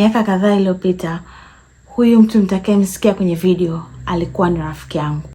Miaka kadhaa iliyopita huyu mtu mtakayemsikia kwenye video alikuwa ni rafiki yangu.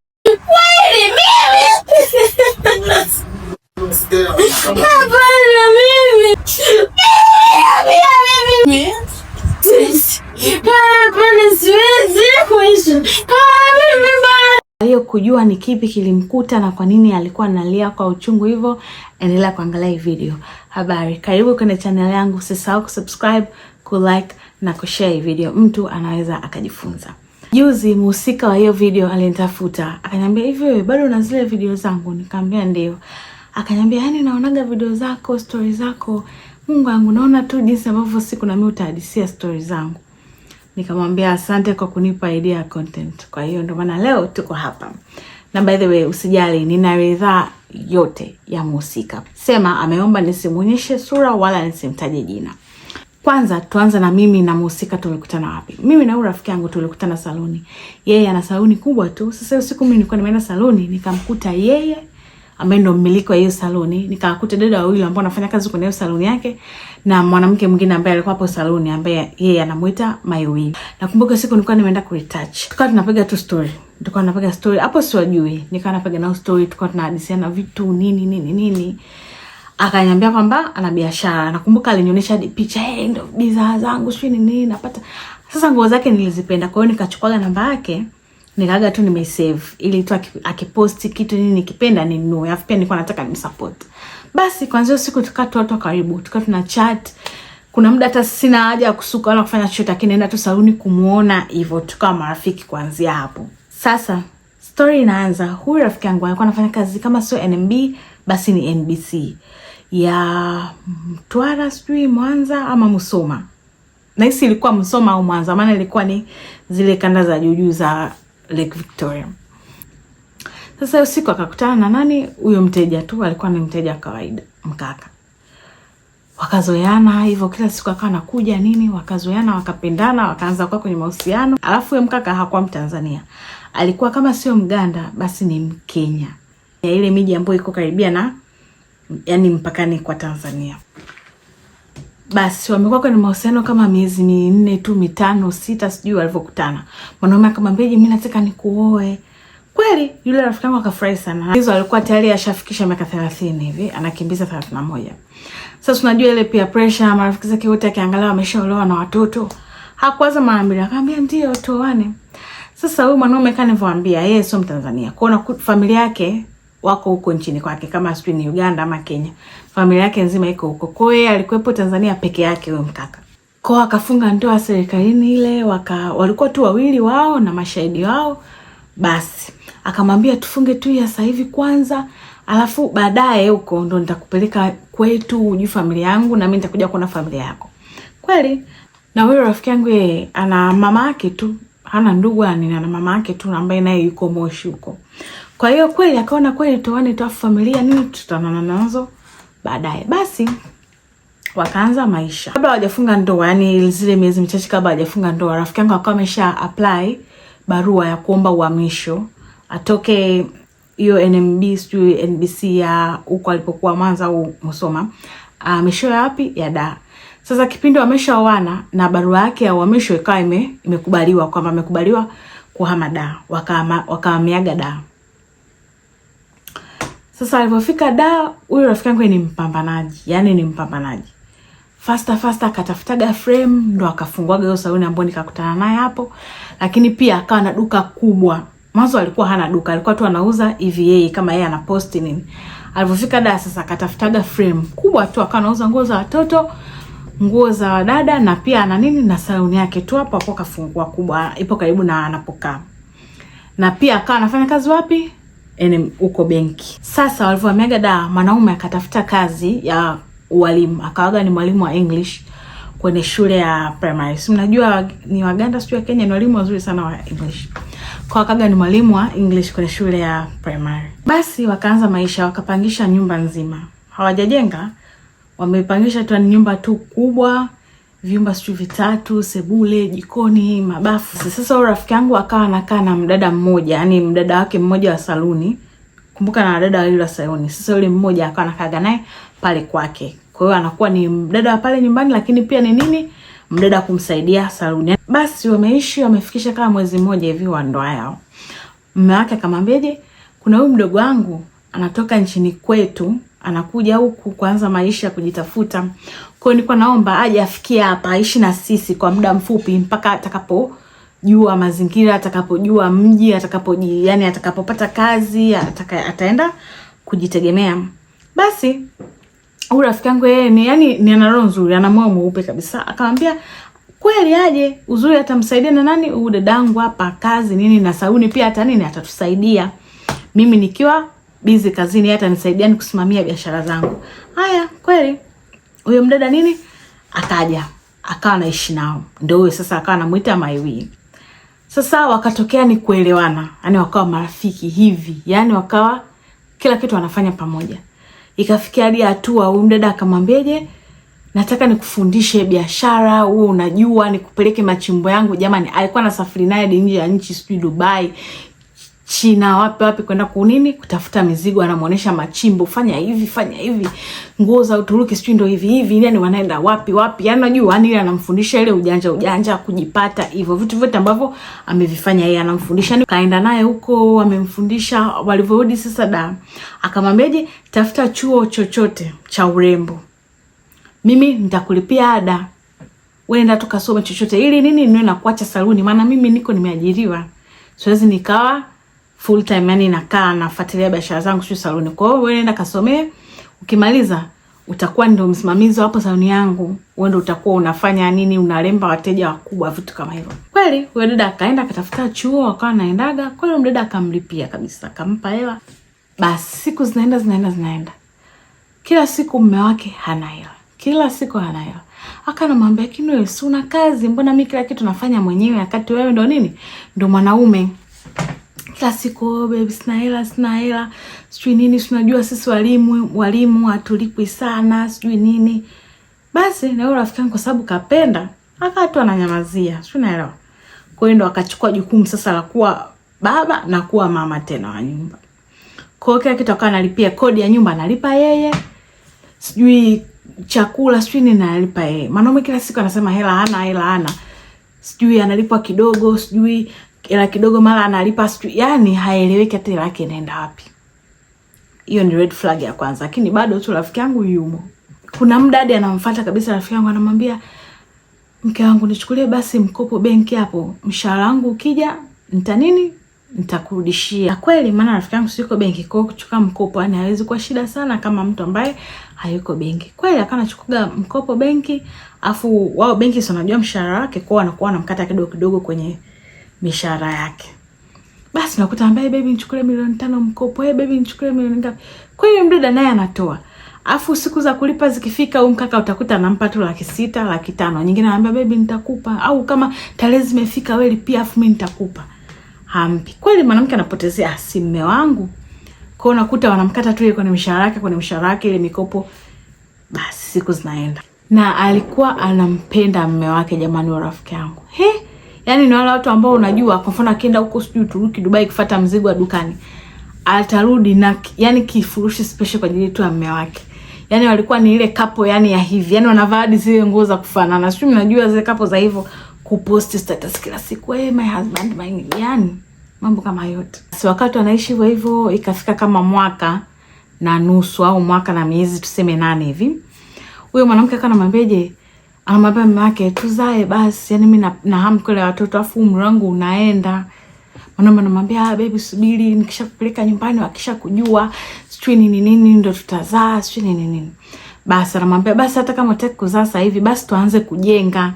Kwa hiyo kujua ni kipi kilimkuta na kwa nini alikuwa analia kwa uchungu hivyo, endelea kuangalia hii video. Habari, karibu kwenye channel yangu, usisahau kusubscribe, kulike na kushare hii video, mtu anaweza akajifunza. Juzi mhusika wa hiyo video alinitafuta akaniambia, hivi wewe bado una zile video zangu? Nikamwambia ndio. Akaniambia yaani, naonaga video zako, stori zako, Mungu wangu, naona tu jinsi ambavyo siku nami utahadisia stori zangu. Nikamwambia asante kwa kunipa idea ya content. Kwa hiyo ndio maana leo tuko hapa, na by the way, usijali, nina ridhaa yote ya mhusika. Sema ameomba nisimuonyeshe sura wala nisimtaje jina. Kwanza tuanza na mimi na mhusika tumekutana wapi? Mimi na huyu rafiki yangu tulikutana saluni. Yeye ana saluni kubwa tu. Sasa usiku mimi nilikuwa nimeenda saluni nikamkuta yeye ambaye ndo mmiliki wa hiyo saluni, nikakuta dada wawili ambao wanafanya kazi kwenye hiyo saluni yake na mwanamke mwingine ambaye alikuwa hapo saluni ambaye yeye anamuita Maiwi. Nakumbuka siku nilikuwa nimeenda ku retouch. Tukawa tunapiga tu story. Tukawa tunapiga story. Hapo siwajui. Nikawa napiga nao story, tukawa tunahadisiana vitu nini nini nini akaniambia kwamba ana biashara. Nakumbuka alinionyesha picha, hey, ndo bidhaa zangu sio nini napata. Sasa nguo zake nilizipenda, kwa hiyo nikachukua namba yake nikaaga tu nimesave ili tu akiposti kitu nini nikipenda ninunue, alafu pia nilikuwa nataka nimsupport. Basi kwanza siku tukaa tu watu karibu, tukaa tuna chat. Kuna muda hata sina haja ya kusuka wala kufanya chochote, lakini naenda tu saluni kumuona hivyo, tukawa marafiki kuanzia hapo. Sasa story inaanza, huyu rafiki yangu alikuwa anafanya kazi kama sio NMB basi ni NBC ya Mtwara sijui Mwanza ama Musoma, nahisi ilikuwa Musoma au Mwanza, maana ilikuwa ni zile kanda za juu za Lake Victoria. Sasa usiku akakutana na nani huyo mteja tu, alikuwa ni mteja wa kawaida mkaka, wakazoeana hivyo, kila siku akawa anakuja nini, wakazoeana wakapendana, wakaanza kuwa kwenye mahusiano. Alafu huyo mkaka hakuwa Mtanzania, alikuwa kama sio Mganda basi ni Mkenya ya ile miji ambayo iko karibia na yani mpakani kwa Tanzania. Basi wamekuwa kwenye mahusiano kama miezi minne tu mitano sita, sijui walivyokutana. Mwanaume akamwambia, je, mimi nataka nikuoe kweli. Yule rafiki yangu akafurahi sana. Hizo alikuwa tayari ashafikisha miaka 30 hivi, anakimbiza 31. Sasa unajua ile pia pressure, marafiki zake wote akiangalia wameshaolewa na watoto, hakuwaza mara mbili, akamwambia ndio toane. Sasa huyu mwanaume kanivyoambia yeye sio Mtanzania, kwaona familia yake wako huko nchini kwake, kama sijui ni Uganda ama Kenya, familia yake nzima iko huko. Kwa hiyo alikuwepo Tanzania peke yake huyo mkaka kwa akafunga ndoa serikalini ile, waka walikuwa tu wawili wao na mashahidi wao. Basi akamwambia tufunge tu ya sasa hivi kwanza, alafu baadaye huko ndo nitakupeleka kwetu ujui familia yangu, na mimi nitakuja kuona familia yako. Kweli na huyo rafiki yangu yeye ana mama yake tu, hana ndugu, ani, ana mama yake tu ambaye naye yuko Moshi huko. Kwa hiyo kweli akaona kweli toane tu familia nini tutanana nazo baadaye. Basi wakaanza maisha. Kabla hawajafunga ndoa, yani zile miezi michache kabla hawajafunga ndoa, rafiki yangu akawa amesha apply barua ya kuomba uhamisho atoke hiyo NMB sijui NBC ya huko alipokuwa Mwanza au Musoma. amesho ya wapi ya da. Sasa kipindi wameshaoana na barua yake ya uhamisho ikawa ime, imekubaliwa kwamba amekubaliwa kuhama da, wakahamiaga waka da. Sasa alipofika da, huyu rafiki yangu ni mpambanaji, yani ni mpambanaji fasta fasta, akatafutaga frame ndo akafunguaga hiyo saluni ambayo nikakutana naye hapo, lakini pia akawa na duka kubwa. Mwanzo alikuwa hana duka, alikuwa tu anauza EVA kama yeye ana post nini. Alipofika da, sasa akatafutaga frame kubwa tu, akawa anauza nguo za watoto, nguo za wadada na pia ana nini na saluni yake tu hapo hapo, akafungua kubwa, ipo karibu na anapokaa, na pia akawa anafanya kazi wapi yani uko benki. Sasa walivyohamiaga da, mwanaume akatafuta kazi ya ualimu, akawaga ni mwalimu wa English kwenye shule ya primary. Si mnajua ni Waganda sijui wa Kenya ni walimu wazuri sana wa English. Kwa wakaga ni mwalimu wa English kwenye shule ya primary. Basi wakaanza maisha, wakapangisha nyumba nzima. Hawajajenga, wamepangisha tu nyumba tu kubwa vyumba sijui vitatu, sebule, jikoni, mabafu. Sasa rafiki yangu akawa anakaa na mdada mmoja, yani mdada wake mmoja wa saluni. Kumbuka na dada wawili wa saluni. Sasa yule mmoja akawa anakaa naye pale kwake. Kwa hiyo anakuwa ni mdada wa pale nyumbani, lakini pia ni nini? Mdada kumsaidia saluni. Basi wameishi wamefikisha kama mwezi mmoja hivi wa ndoa yao. Mume wake akamwambia, kuna huyu mdogo wangu anatoka nchini kwetu anakuja huku kuanza maisha kujitafuta. Kwa hiyo nilikuwa naomba aje afikie hapa aishi na sisi kwa muda mfupi mpaka atakapo jua mazingira, atakapojua mji, atakapoji yani atakapopata kazi, ataka, ataenda kujitegemea. Basi huyu rafiki yangu yeye ni yani ni ana roho nzuri, ana moyo mweupe kabisa. Akamwambia kweli aje, uzuri atamsaidia na nani, huyu dadangu hapa kazi nini na Sauni pia hata nini atatusaidia. Mimi nikiwa bizi kazini, hata nisaidiani kusimamia biashara zangu. Haya, kweli huyo mdada nini akaja akawa naishi nao, ndio huyo sasa akawa namuita Maiwi. Sasa wakatokea ni kuelewana, yani wakawa marafiki hivi, yani wakawa kila kitu wanafanya pamoja. Ikafikia hadi hatua huyu mdada akamwambiaje, nataka nikufundishe biashara, wewe unajua, nikupeleke machimbo yangu. Jamani, alikuwa anasafiri naye nje ya nchi, sijui Dubai, China wapi wapi kwenda kunini kutafuta mizigo, anamwonyesha machimbo, fanya hivi fanya hivi, nguo za Uturuki sijui ndo hivi hivi, yani wanaenda wapi wapi, yani unajua, yani anamfundisha ile ujanja ujanja kujipata hivyo vitu vyote ambavyo amevifanya yeye, anamfundisha. Kaenda naye huko, amemfundisha. Walivyorudi sasa, da akamwambiaje, tafuta chuo chochote cha urembo, mimi nitakulipia ada, wewe nenda tukasome chochote, ili nini niwe nakuacha saluni, maana mimi niko nimeajiriwa, siwezi nikawa full time, yani nakaa nafuatilia biashara zangu, sio saloni. Kwa hiyo wewe nenda kasomee, ukimaliza utakuwa ndio msimamizi hapo saloni yangu, wewe ndio utakuwa unafanya nini, unalemba wateja wakubwa, vitu kama hivyo. Kweli huyo dada akaenda akatafuta chuo, akawa naendaga kweli, mdada akamlipia kabisa, akampa hela. Basi siku zinaenda zinaenda zinaenda, kila siku mume wake hana hela, kila siku hana hela. Akanamwambia Kinwe, si una kazi? Mbona mimi kila kitu nafanya mwenyewe, wakati wewe ndo nini, ndo mwanaume kila siku oh, baby sina hela sina hela sijui nini, tunajua sisi walimu walimu hatulipwi sana sijui nini. Basi na yule rafiki yangu kwa sababu kapenda akatu ananyamazia, sijui naelewa. Kwa hiyo ndo akachukua jukumu sasa la kuwa baba na kuwa mama tena wa nyumba. Kwa hiyo kila kitu akawa analipia, kodi ya nyumba analipa yeye, sijui chakula sijui nini analipa yeye. Mwanaume kila siku anasema hela hana hela hana, sijui analipwa kidogo, sijui hela kidogo, mara analipa sijui, yani haeleweki hata hela yake inaenda wapi. Hiyo ni red flag ya kwanza, lakini bado tu rafiki yangu yumo. Kuna muda hadi anamfuata kabisa rafiki yangu, anamwambia mke wangu, nichukulie basi mkopo benki hapo, mshahara wangu ukija nita nini nitakurudishia. kweli, maana rafiki yangu siko benki, kwa kuchukua mkopo yani hawezi kuwa shida sana kama mtu ambaye hayuko benki. Kweli akana chukua mkopo benki, afu wao benki sio, wanajua mshahara wake, kwao anakuwa anamkata kidogo kidogo kwenye mishahara yake. Basi nakuta ambaye baby nichukulie milioni tano mkopo, hey, baby nichukulie milioni ngapi. Kwa hiyo mdada naye anatoa. Afu siku za kulipa zikifika, huyu mkaka utakuta anampa tu laki sita, laki tano. Nyingine anambia baby nitakupa, au kama tarehe zimefika wewe lipia, afu mimi nitakupa. Hampi. Kweli mwanamke anapotezea ah, si mme wangu. Kwa unakuta wanamkata tu ile kwenye mishahara yake, kwenye mishahara yake ile mikopo. Basi siku zinaenda. Na alikuwa anampenda mme wake, jamani, wa rafiki yangu. He? yani ni wale watu ambao unajua kwa mfano akienda huko sijui Uturuki, Dubai kufata mzigo wa dukani. Atarudi na yani kifurushi special kwa ajili tu ya mume wake. Yani walikuwa ni ile kapo yani ya hivi. yani wanavaa hadi zile nguo za kufanana. Sijui mnajua zile kapo za hivyo kupost status kila siku, hey, eh, my husband my yani mambo kama yote. Si wakati wanaishi hivyo hivyo ikafika kama mwaka na nusu au mwaka na miezi tuseme nane hivi. Huyo mwanamke akawa akanamwambia je, Anamwambia mume wake tuzae basi, yani mimi na hamu kule watoto afu umri wangu unaenda. Mwanaume anamwambia ah, baby subiri, nikishakupeleka nyumbani wakisha kujua sijui nini nini ndo tutazaa sijui nini nini. Basi anamwambia basi, hata kama utaki kuzaa sasa hivi basi tuanze kujenga.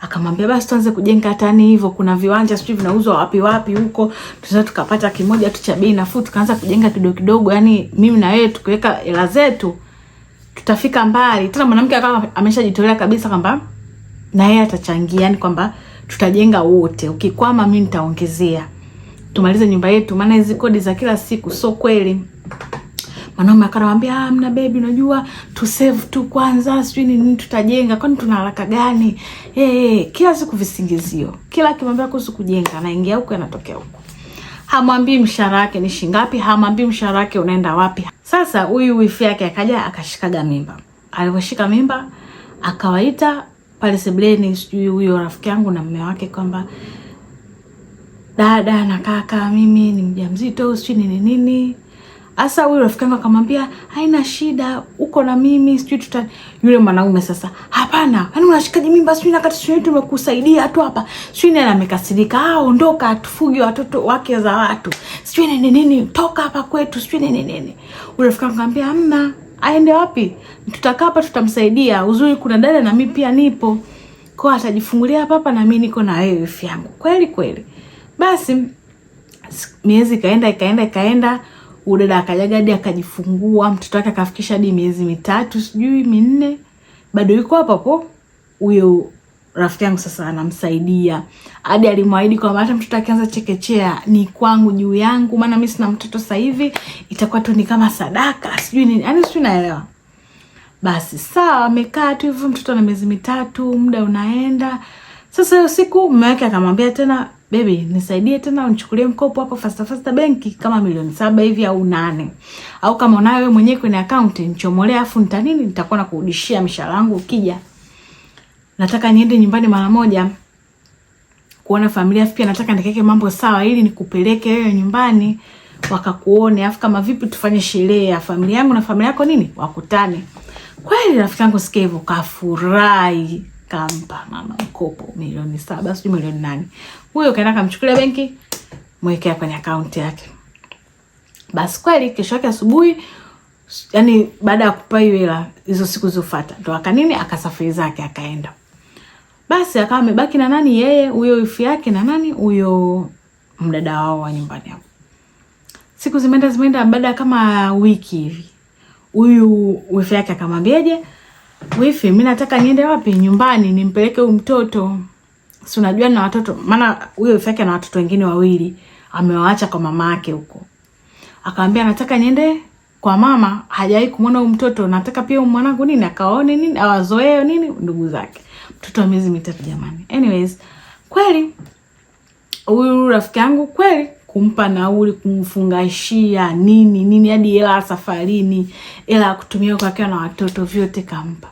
Akamwambia basi tuanze kujenga hata ni hivyo, kuna viwanja sijui vinauzwa wapi wapi huko, tunaweza tukapata kimoja tu cha bei nafuu tukaanza kujenga kidogo kidogo, yani mimi na wewe tukiweka hela zetu tutafika mbali. Tena mwanamke akawa ameshajitolea kabisa kwamba na yeye atachangia, yani kwamba tutajenga wote, ukikwama mimi nitaongezea, tumalize nyumba yetu, maana hizi kodi za kila siku sio kweli. Mwanaume akanawambia ah, mna baby, unajua tu save tu kwanza, sijui nini tutajenga, kwani tuna haraka gani? Eh, hey, kila siku visingizio, kila akimwambia kuhusu kujenga anaingia huko anatokea huko, hamwambii mshahara wake ni shilingi ngapi, hamwambii mshahara wake unaenda wapi. Sasa huyu wifi yake akaja akashikaga mimba, aliposhika mimba akawaita pale sebleni, sijui huyo rafiki yangu na mume wake kwamba dada na kaka, mimi ni mjamzito, sijui nini nini sasa huyu rafiki yangu akamwambia haina shida, uko na mimi sijui tuta. Yule mwanaume sasa, hapana, yani unashikaji mimba sijui na kati sijui tumekusaidia tu hapa sijui nani, amekasirika, ah, ondoka, atufuge watoto wake za watu sijui nini nini, toka hapa kwetu sijui nini nini. Yule rafiki yangu akamwambia amna, aende wapi? Tutakaa hapa, tutamsaidia. Uzuri kuna dada na mimi pia nipo kwa, atajifungulia hapa hapa, na mimi niko na wewe rafiki yangu, kweli kweli. Basi miezi ikaenda ikaenda ikaenda Udada akajaga hadi akajifungua mtoto wake akafikisha hadi miezi mitatu sijui minne, bado yuko hapo hapo huyo rafiki yangu sasa anamsaidia hadi alimwahidi kwamba hata mtoto akianza chekechea ni kwangu juu yangu, maana mimi sina mtoto sasa hivi, itakuwa tu ni kama sadaka sijui nini, yani sijui naelewa. Basi sawa, amekaa tu hivyo, mtoto ana miezi mitatu, muda unaenda. Sasa hiyo siku mume wake akamwambia tena, Baby, nisaidie tena unichukulie mkopo hapo fasta fasta benki kama milioni saba hivi au nane. Au kama unayo wewe mwenyewe kwenye account nichomolee afu nita nini nitakuwa na kurudishia mshahara wangu ukija. Nataka niende nyumbani mara moja kuona familia pia nataka nikaeke mambo sawa ili nikupeleke wewe nyumbani wakakuone afu kama vipi tufanye sherehe ya familia yangu na familia yako nini wakutane. Kweli rafiki yangu Skevo kafurahi kampa mama mkopo milioni saba sijui milioni nane. Huyo kaenda kamchukulia benki, mwekea kwenye akaunti yake. Basi kweli kesho yake asubuhi, yani baada ya kupa hiyo hela, hizo siku zifuata ndo akanini akasafiri zake akaenda. Basi akawa amebaki na nani, yeye huyo ifi yake na nani huyo mdada wao wa nyumbani hapo. Siku zimeenda zimeenda, baada kama wiki hivi, huyu wifi yake akamwambiaje wifi, mi nataka niende wapi? Nyumbani nimpeleke huyu mtoto, si unajua na watoto, maana huyo wifi yake na watoto wengine wawili amewaacha kwa mama yake huko. Akamwambia nataka niende kwa mama, hajawahi kumwona huyu mtoto, nataka pia mwanangu nini akaone nini awazoee nini ndugu zake. Mtoto wa miezi mitatu jamani. Anyways, kweli huyu rafiki yangu kweli kumpa nauli, kumfungashia nini nini, hadi hela ya safarini, hela ya kutumia kwa akiwa na watoto, vyote kampa.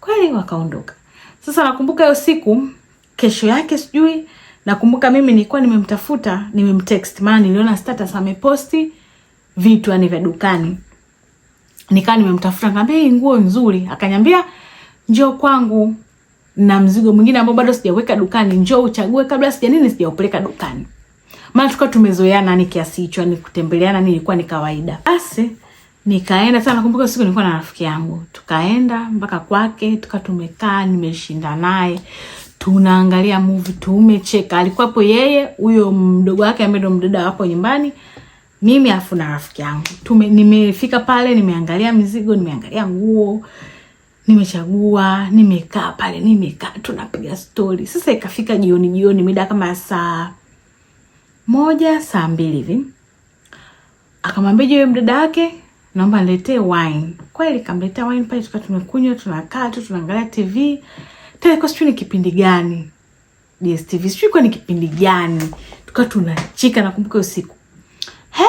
Kweli wakaondoka. Sasa nakumbuka hiyo siku, kesho yake sijui, nakumbuka mimi nilikuwa nimemtafuta, nimemtext, maana niliona status ameposti vitu ani vya dukani, nikaa nimemtafuta, nikamwambia nguo nzuri, akanyambia njoo kwangu na mzigo mwingine ambao bado sijaweka dukani, njoo uchague kabla sija nini sijaupeleka dukani maana tulikuwa tumezoeana ni kiasi hicho, ni kutembeleana, nilikuwa ni kawaida. Basi nikaenda sana, kumbuka siku nilikuwa na rafiki yangu, tukaenda mpaka kwake, tuka tumekaa, nimeshinda naye, tunaangalia movie, tumecheka. Alikuwapo yeye, huyo mdogo wake ambaye ndo mdada wapo nyumbani mimi afu na rafiki yangu tume, nimefika pale, nimeangalia mizigo, nimeangalia nguo, nimechagua, nimekaa pale, nimekaa tunapiga stori. Sasa ikafika jioni, jioni mida kama saa moja saa mbili hivi akamwambia, yule mdada wake, naomba niletee wine. Kweli kamletea wine pale, tukawa tumekunywa tunakaa tu tunaangalia TV. Tena kwa sijui ni kipindi gani DSTV, sijui kwa ni kipindi gani, tukawa tunachika. Nakumbuka usiku he,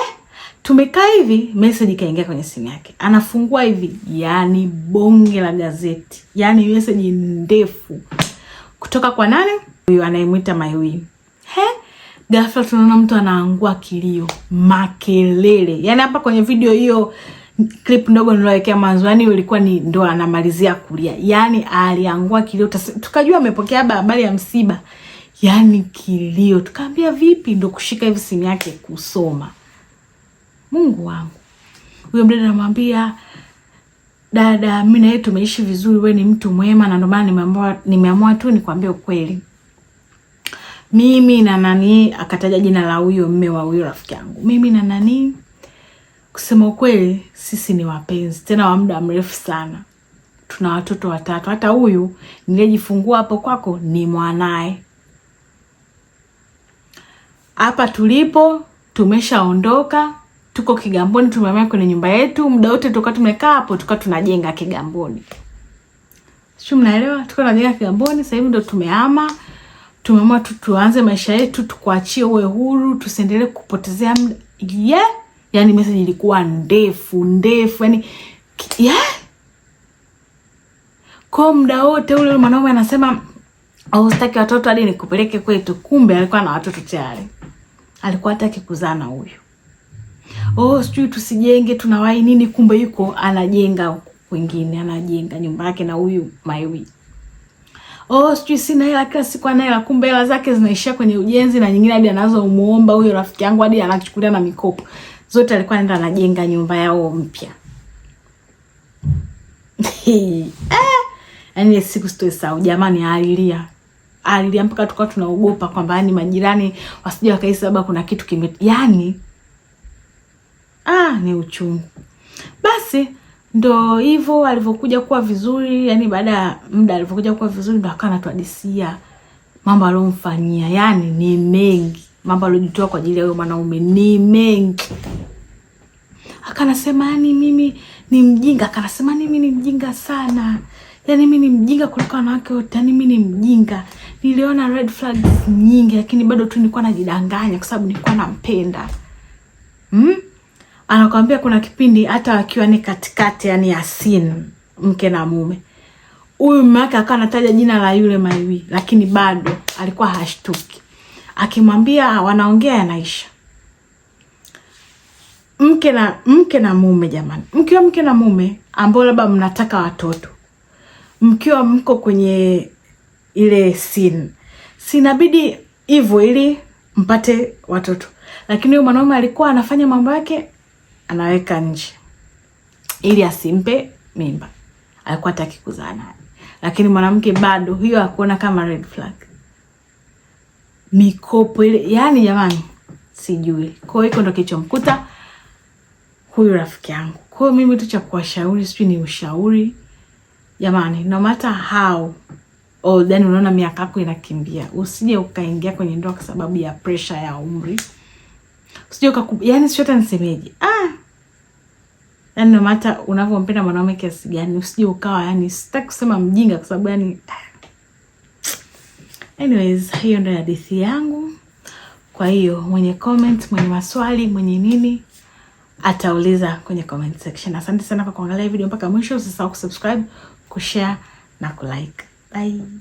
tumekaa hivi, message ikaingia kwenye simu yake, anafungua hivi, yani bonge la gazeti, yani message ndefu kutoka kwa nani, huyu anayemwita Maiwi he ghafla tunaona mtu anaangua kilio, makelele. yani hapa kwenye video hiyo clip ndogo nilowekea mwanzo, yani ilikuwa ni ndo anamalizia kulia, yani aliangua kilio, tukajua amepokea habari ya msiba, yani kilio. Tukaambia vipi, ndo kushika hivi simu yake kusoma. Mungu wangu, huyo mdada anamwambia dada, mimi na yeye tumeishi vizuri, we ni mtu mwema, na ndio maana nimeamua nimeamua tu nikwambie ukweli mimi na nani, akataja jina la huyo mme wa huyo rafiki yangu, mimi na nani. Kusema ukweli, sisi ni wapenzi tena wa muda mrefu sana, tuna watoto watatu. Hata huyu niliyejifungua hapo kwako ni mwanaye. Hapa tulipo tumeshaondoka, tuko Kigamboni, tumehamia kwenye nyumba yetu. Muda wote tukawa tumekaa hapo, tukawa tunajenga Kigamboni, sio mnaelewa, tukawa tunajenga Kigamboni. Sasa hivi ndo tumehama tumeamua tu tuanze maisha yetu, tukuachie uwe huru, tusiendelee kupotezea mda yeah. Yani message ilikuwa ndefu ndefu, yani yeah. Kwa muda wote ule mwanaume anasema oh, au watoto hadi nikupeleke kwetu, kumbe alikuwa na watoto tayari, alikuwa hataki kuzaa na huyu. Oh, sijui tusijenge, tunawahi nini, kumbe yuko anajenga kwingine, anajenga nyumba yake na huyu maiwi oh, sijui sina hela, kila siku ana hela, kumbe hela zake zinaishia kwenye ujenzi, na nyingine hadi umuomba huyo rafiki yangu hadi anachukulia na mikopo zote, alikuwa anaenda anajenga nyumba yao mpya. Yaani siku sitoisahau jamani, alilia alilia mpaka tukawa tunaogopa kwamba yani majirani wasije wakahisi labda kuna kitu kime, yani ah, ni uchungu basi ndo hivyo alivyokuja kuwa vizuri, yani baada ya muda alivyokuja kuwa vizuri ndo akawa anatuhadisia mambo aliyomfanyia, yani ni mengi, mambo alojitoa kwa ajili ya huyo mwanaume ni mengi. Akanasema yani mimi ni mjinga, akanasema mimi ni mjinga sana, yani mimi ni mjinga kuliko wanawake wote, yani mimi ni mjinga. Niliona red flags nyingi, lakini bado tu nilikuwa najidanganya kwa sababu nilikuwa nampenda mm? anakwambia kuna kipindi hata wakiwa ni katikati yani ya scene, mke na mume, huyu mume wake akawa anataja jina la yule Maiwi, lakini bado alikuwa hashtuki, akimwambia wanaongea yanaisha. Mke na mke na mume, jamani, mkiwa mke na mume ambao labda mnataka watoto, mkiwa mko kwenye ile sin sinabidi hivyo ili mpate watoto, lakini huyo mwanaume alikuwa anafanya mambo yake anaweka nje ili asimpe mimba. Alikuwa hataki kuzaa naye, lakini mwanamke bado hiyo akuona kama red flag. Mikopo ile, yani jamani, sijui. Kwa hiyo hiko ndo kilichomkuta huyu rafiki yangu. Kwa hiyo mimi tu cha kuwashauri sijui ni ushauri jamani, no matter how oh, then yaani unaona miaka yako inakimbia, usije ukaingia kwenye ndoa kwa sababu ya pressure ya umri sio kaku, yani sio hata nisemeje. Ah, yani no matter unavyompenda mwanaume kiasi gani usije ukawa, yani sitaki kusema mjinga, kwa sababu yani ah. anyways, hiyo ndio hadithi yangu. Kwa hiyo mwenye comment, mwenye maswali, mwenye nini atauliza kwenye comment section. Asante sana kwa kuangalia video mpaka mwisho. Usisahau kusubscribe, kushare na kulike. Bye.